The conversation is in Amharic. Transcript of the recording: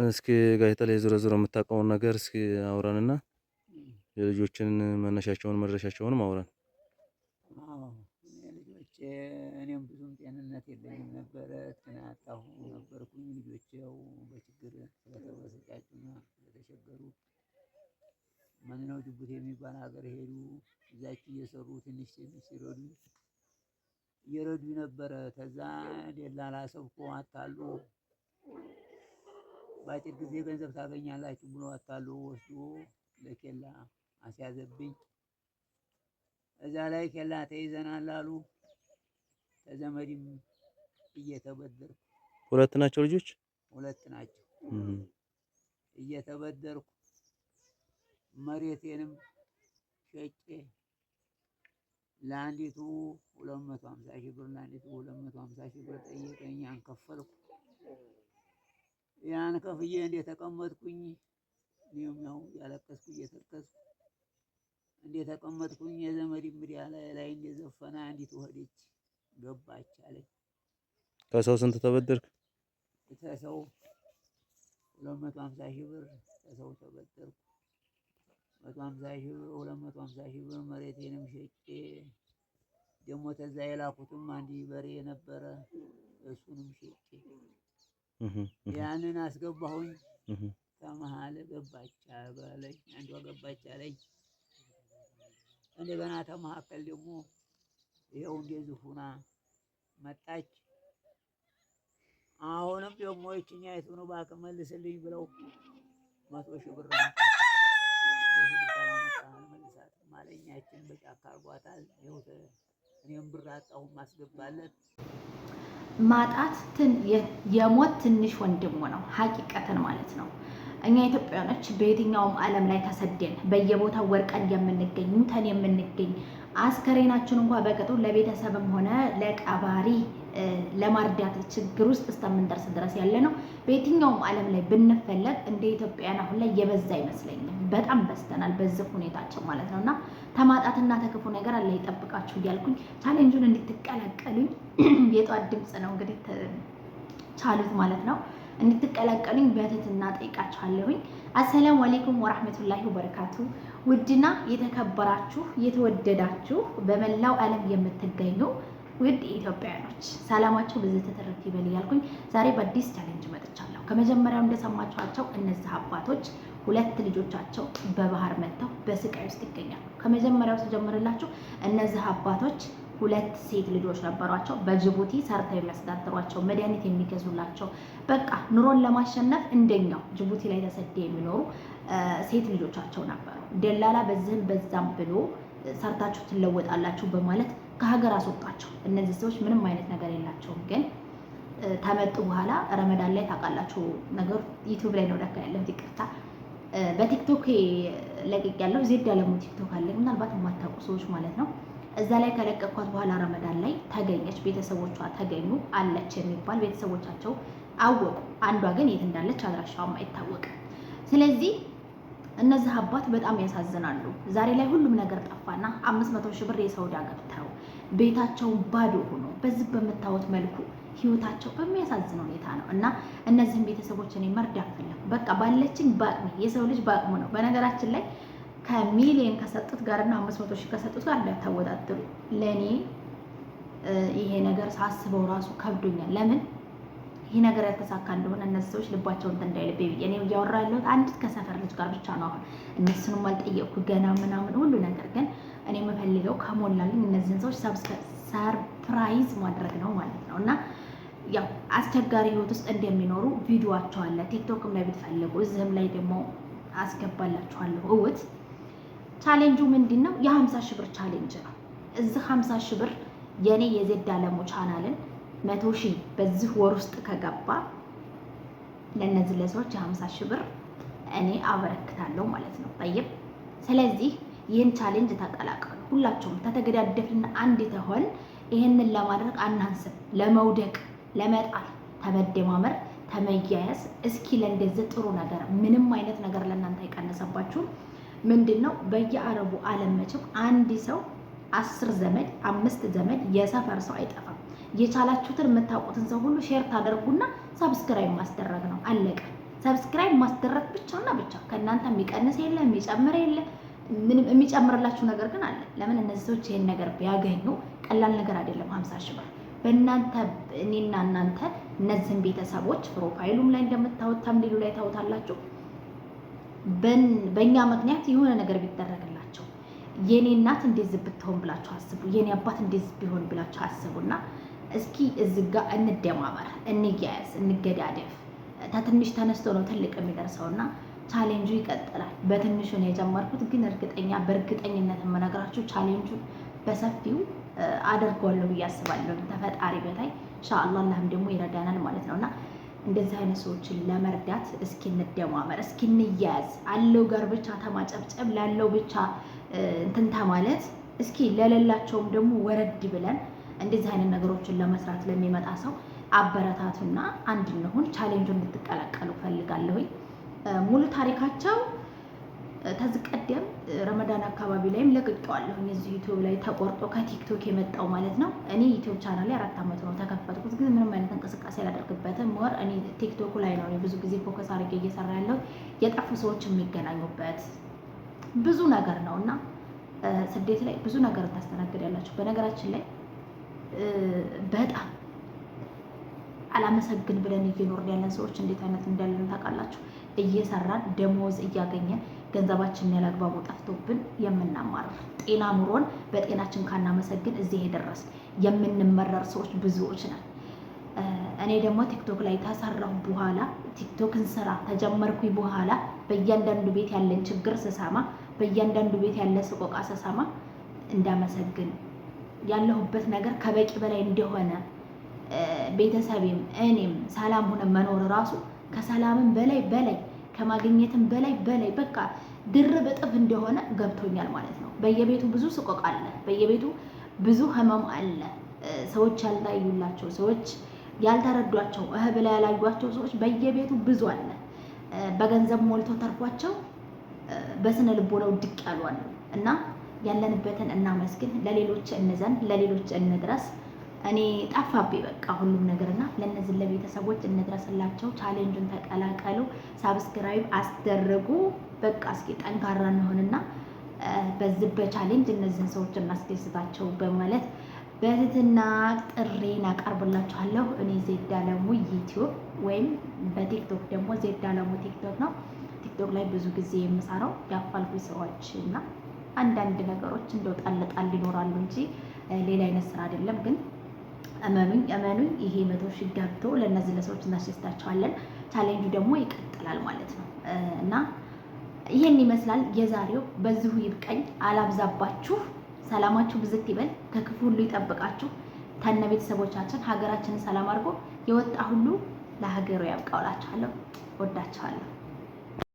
እስኪ ጋዜጣ ላይ ዞረ ዞረ የምታውቀውን ነገር እስኪ አውራንና የልጆችን መነሻቸውን መድረሻቸውንም አውራን። ልጆች እኔም ብዙም ጤንነት የለኝም ነበረ ትናጣሁ ነበርኩኝ። ልጆቼ ያው በችግር ስለተበሰጫጩና ስለተቸገሩ ጅቡቲ የሚባል ሀገር ሄዱ። እዛች እየሰሩ ትንሽ ትንሽ ሲረዱ እየረዱ ነበረ። ከዛ ደላላ ሰብኮ አታሉ በአጭር ጊዜ ገንዘብ ታገኛላችሁ ብሎ አታሎ ወስዶ ለኬላ አስያዘብኝ። እዛ ላይ ኬላ ተይዘናል አሉ። ተዘመድም እየተበደርኩ ሁለት ናቸው ልጆች ሁለት ናቸው እየተበደርኩ መሬቴንም ሸጬ ለአንዲቱ 250 ሺህ ብር ለአንዲቱ 250 ሺህ ብር ጠየቀኝ። አንከፈልኩ ያን ከፍዬ ተቀመጥኩኝ እኔም ያው ያለቀስኩ እየተከስኩ ተቀመጥኩኝ የዘመድ እንግዲህ ላይ ላይ እንደዘፈነ አንዲት ወደች ገባች አለኝ። ከሰው ስንት ተበደርክ? ከሰው ሁለት መቶ ሀምሳ ሺህ ብር ከሰው ተበደርኩ። መቶ ሀምሳ ሺህ ብር ሁለት መቶ ሀምሳ ሺህ ብር መሬቴንም ሸጬ ደግሞ ተዛ የላኩትም አንድ በሬ ነበረ እሱንም ሸጬ ያንን አስገባሁኝ። ከመሀል ገባች በለኝ፣ አንዷ ገባች አለኝ። እንደገና ተመካከል ደግሞ ይኸው እንደዚህ ሁና መጣች። አሁንም ደግሞ ይችኛ የቱኑ እባክህ መልስልኝ ብለው መቶ ሺህ ብር ማለኛችን በጫካ አርጓታል። እኔም ብር አጣሁ ማስገባለት ማጣት የሞት ትንሽ ወንድሙ ነው። ሀቂቀትን ማለት ነው። እኛ ኢትዮጵያኖች በየትኛውም ዓለም ላይ ተሰደን በየቦታው ወርቀን የምንገኝ ሙተን የምንገኝ አስከሬናችን እንኳ በቅጡ ለቤተሰብም ሆነ ለቀባሪ ለማርዳት ችግር ውስጥ እስከምንደርስ ድረስ ያለ ነው። በየትኛውም ዓለም ላይ ብንፈለግ እንደ ኢትዮጵያን አሁን ላይ የበዛ አይመስለኝም። በጣም በዝተናል በዚህ ሁኔታቸው ማለት ነው። እና ተማጣትና ተክፉ ነገር አለ ይጠብቃችሁ እያልኩኝ ቻሌንጁን እንድትቀላቀሉኝ የጧት ድምፅ ነው እንግዲህ ቻሉት ማለት ነው። እንድትቀላቀሉኝ በትህትና ጠይቃችኋለሁኝ። አሰላሙ አሌይኩም ወራህመቱላሂ ወበረካቱ። ውድና የተከበራችሁ የተወደዳችሁ በመላው ዓለም የምትገኙ ውድ ኢትዮጵያውያኖች ሰላማችሁ ብዙ ተተረፍ ይበል እያልኩኝ ዛሬ በአዲስ ቻሌንጅ መጥቻለሁ። ከመጀመሪያው እንደሰማችኋቸው እነዚህ አባቶች ሁለት ልጆቻቸው በባህር መጥተው በስቃይ ውስጥ ይገኛሉ። ከመጀመሪያው ስጀምርላችሁ እነዚህ አባቶች ሁለት ሴት ልጆች ነበሯቸው። በጅቡቲ ሰርተው የሚያስተዳድሯቸው መድኃኒት የሚገዙላቸው በቃ ኑሮን ለማሸነፍ እንደኛው ጅቡቲ ላይ ተሰደው የሚኖሩ ሴት ልጆቻቸው ነበሩ። ደላላ በዚህም በዛም ብሎ ሰርታችሁ ትለወጣላችሁ በማለት ከሀገር አስወጣቸው። እነዚህ ሰዎች ምንም አይነት ነገር የላቸውም ግን ከመጡ በኋላ ረመዳን ላይ ታውቃላችሁ ነገሩ ዩቱብ ላይ ነው ለካ ያለው ይቅርታ በቲክቶክ ለቅቅ ያለው ዜድ አለሙ ቲክቶክ አለ፣ ምናልባት የማታውቁ ሰዎች ማለት ነው። እዛ ላይ ከለቀኳት በኋላ ረመዳን ላይ ተገኘች፣ ቤተሰቦቿ ተገኙ አለች የሚባል ቤተሰቦቻቸው አወቁ። አንዷ ግን የት እንዳለች አድራሻውም አይታወቅም። ስለዚህ እነዚህ አባት በጣም ያሳዝናሉ። ዛሬ ላይ ሁሉም ነገር ጠፋና አምስት መቶ ሺህ ብር የሰውዳ ገብተው ቤታቸውን ባዶ ሆኖ በዚህ በምታዩት መልኩ ህይወታቸው በሚያሳዝን ሁኔታ ነው። እና እነዚህን ቤተሰቦች እኔ መርዳት ፈለኩ። በቃ ባለችኝ በአቅሜ፣ የሰው ልጅ በአቅሙ ነው። በነገራችን ላይ ከሚሊየን ከሰጡት ጋር ጋርና አምስት መቶ ሺህ ከሰጡት ጋር እንዳታወዳድሩ። ለእኔ ይሄ ነገር ሳስበው ራሱ ከብዶኛል። ለምን ይህ ነገር ያልተሳካ እንደሆነ እነዚህ ሰዎች ልባቸውን እንትን እንዳይልብ ብዬ እኔ እያወራ ያለሁት አንዲት ከሰፈር ልጅ ጋር ብቻ ነው። አሁን እነሱንም አልጠየቅኩ ገና ምናምን ሁሉ ነገር ግን እኔ የምፈልገው ከሞላልኝ እነዚህን ሰዎች ሰርፕራይዝ ማድረግ ነው ማለት ነው እና ያው አስቸጋሪ ህይወት ውስጥ እንደሚኖሩ ቪዲዮቸው አለ። ቲክቶክም ላይ ብትፈልጉ እዚህም ላይ ደግሞ አስገባላችኋለሁ። እውት ቻሌንጁ ምንድን ነው? የሀምሳ ሺህ ብር ቻሌንጅ ነው። እዚህ ሀምሳ ሺህ ብር የእኔ የዜድ አለሙ ቻናልን መቶ ሺህ በዚህ ወር ውስጥ ከገባ ለእነዚህ ለሰዎች የሀምሳ ሺህ ብር እኔ አበረክታለሁ ማለት ነው። ጠይብ። ስለዚህ ይህን ቻሌንጅ ተቀላቀሉ። ሁላቸውም ተተገዳደፍን አንድ ተሆን ይህንን ለማድረግ አናንስም። ለመውደቅ፣ ለመጣል፣ ተመደማመር፣ ተመያያዝ እስኪ ለእንደዚህ ጥሩ ነገር ምንም አይነት ነገር ለእናንተ አይቀነሰባችሁም። ምንድን ነው በየአረቡ ዓለም መቼም አንድ ሰው አስር ዘመድ አምስት ዘመድ የሰፈር ሰው አይጠፋም። የቻላችሁትን የምታውቁትን ሰው ሁሉ ሼር ታደርጉና ሰብስክራይብ ማስደረግ ነው አለቀ። ሰብስክራይብ ማስደረግ ብቻና ብቻ ከእናንተ የሚቀንስ የለ የሚጨምር የለም። ምንም የሚጨምርላችሁ ነገር ግን አለ። ለምን እነዚህ ሰዎች ይህን ነገር ቢያገኙ ቀላል ነገር አይደለም። ሀምሳ ሺህ ብር በእናንተ እኔና እናንተ እነዚህን ቤተሰቦች ፕሮፋይሉም ላይ እንደምታወት ተምሊሉ ላይ ታወታላችሁ። በእኛ ምክንያት የሆነ ነገር ቢደረግላቸው የኔ እናት እንደዚህ ብትሆን ብላችሁ አስቡ፣ የእኔ አባት እንደዚህ ቢሆን ብላችሁ አስቡና እስኪ እዚህ ጋ እንደማመር፣ እንያያዝ፣ እንገዳደፍ። ተትንሽ ተነስቶ ነው ትልቅ የሚደርሰውና ቻሌንጁ ይቀጥላል። በትንሹ ነው የጀመርኩት፣ ግን እርግጠኛ በእርግጠኝነት የምነግራችሁ ቻሌንጁ በሰፊው አደርገዋለሁ ብዬ አስባለሁ። ተፈጣሪ በታይ ኢንሻአላህ አላህም ደግሞ ይረዳናል ማለት ነው እና እንደዚህ አይነት ሰዎችን ለመርዳት እስኪ እንደማመር፣ እስኪ እንያያዝ። አለው ጋር ብቻ ተማጨብጨብ፣ ላለው ብቻ እንትንታ ማለት እስኪ ለሌላቸውም ደግሞ ወረድ ብለን እንደዚህ አይነት ነገሮችን ለመስራት ለሚመጣ ሰው አበረታቱና አንድ እንሁን። ቻሌንጁ እንድትቀላቀሉ ፈልጋለሁኝ። ሙሉ ታሪካቸው ተዝቀደም ቀደም ረመዳን አካባቢ ላይም ለቅቄዋለሁ። እዚህ ዩቱብ ላይ ተቆርጦ ከቲክቶክ የመጣው ማለት ነው። እኔ ዩቱብ ቻናል ላይ አራት ዓመት ነው ተከፈትኩት፣ ግን ምንም አይነት እንቅስቃሴ አላደርግበትም። ወር እኔ ቲክቶኩ ላይ ነው ብዙ ጊዜ ፎከስ አድርጌ እየሰራ ያለው የጠፉ ሰዎች የሚገናኙበት ብዙ ነገር ነው እና ስደት ላይ ብዙ ነገር ያላችሁ በነገራችን ላይ በጣም አላመሰግን ብለን እየኖርን ያለን ሰዎች እንዴት አይነት እንዳለን ታውቃላችሁ? እየሰራን ደሞዝ እያገኘን ገንዘባችንን ያላግባቡ ጠፍቶብን የምናማረር ጤና ኑሮን በጤናችን ካናመሰግን እዚህ የደረስን የምንመረር ሰዎች ብዙዎች ነን። እኔ ደግሞ ቲክቶክ ላይ ከሰራሁ በኋላ ቲክቶክን ስራ ተጀመርኩኝ በኋላ በእያንዳንዱ ቤት ያለን ችግር ስሰማ፣ በእያንዳንዱ ቤት ያለ ስቆቃ ስሰማ እንዳመሰግን ያለሁበት ነገር ከበቂ በላይ እንደሆነ ቤተሰቤም እኔም ሰላም ሆነ መኖር ራሱ ከሰላምም በላይ በላይ ከማግኘትም በላይ በላይ በቃ ድርብ በጥፍ እንደሆነ ገብቶኛል ማለት ነው። በየቤቱ ብዙ ስቆቅ አለ፣ በየቤቱ ብዙ ህመም አለ። ሰዎች ያልታዩላቸው ሰዎች ያልተረዷቸው እህ ብላ ያላዩቸው ሰዎች በየቤቱ ብዙ አለ። በገንዘብ ሞልቶ ተርፏቸው በስነ ልቦናው ድቅ ያሉ አሉ እና ያለንበትን እናመስግን፣ ለሌሎች እንዘን፣ ለሌሎች እንድረስ። እኔ ጠፋብኝ በቃ ሁሉም ነገር እና ለእነዚህ ለቤተሰቦች እንድረስላቸው፣ ቻሌንጁን ተቀላቀሉ፣ ሳብስክራይብ አስደርጉ። በቃ እስኪ ጠንካራ እንሆንና በዚህ በቻሌንጅ እነዚህን ሰዎች እናስደስታቸው በማለት በትህትና ጥሬን አቀርብላችኋለሁ። እኔ ዜድ አለሙ ዩቲዩብ ወይም በቲክቶክ ደግሞ ዜድ አለሙ ቲክቶክ ነው። ቲክቶክ ላይ ብዙ ጊዜ የምሰራው ያፋልጉ ሰዎች እና አንዳንድ ነገሮች እንደው ጣል ጣል ይኖራሉ እንጂ ሌላ አይነት ስራ አይደለም ግን እመኑኝ እመኑኝ፣ ይሄ መቶ ሺህ ገብቶ ለእነዚህ ለሰዎች እናስደስታቸዋለን። ቻሌንጁ ደግሞ ይቀጥላል ማለት ነው እና ይሄን ይመስላል የዛሬው። በዚሁ ይብቀኝ፣ አላብዛባችሁ። ሰላማችሁ ብዝት ይበል፣ ከክፉ ሁሉ ይጠብቃችሁ። ከነ ቤተሰቦቻችን ሀገራችንን ሰላም አድርጎ የወጣ ሁሉ ለሀገሩ ያብቃውላችኋለሁ። ወዳችኋለሁ።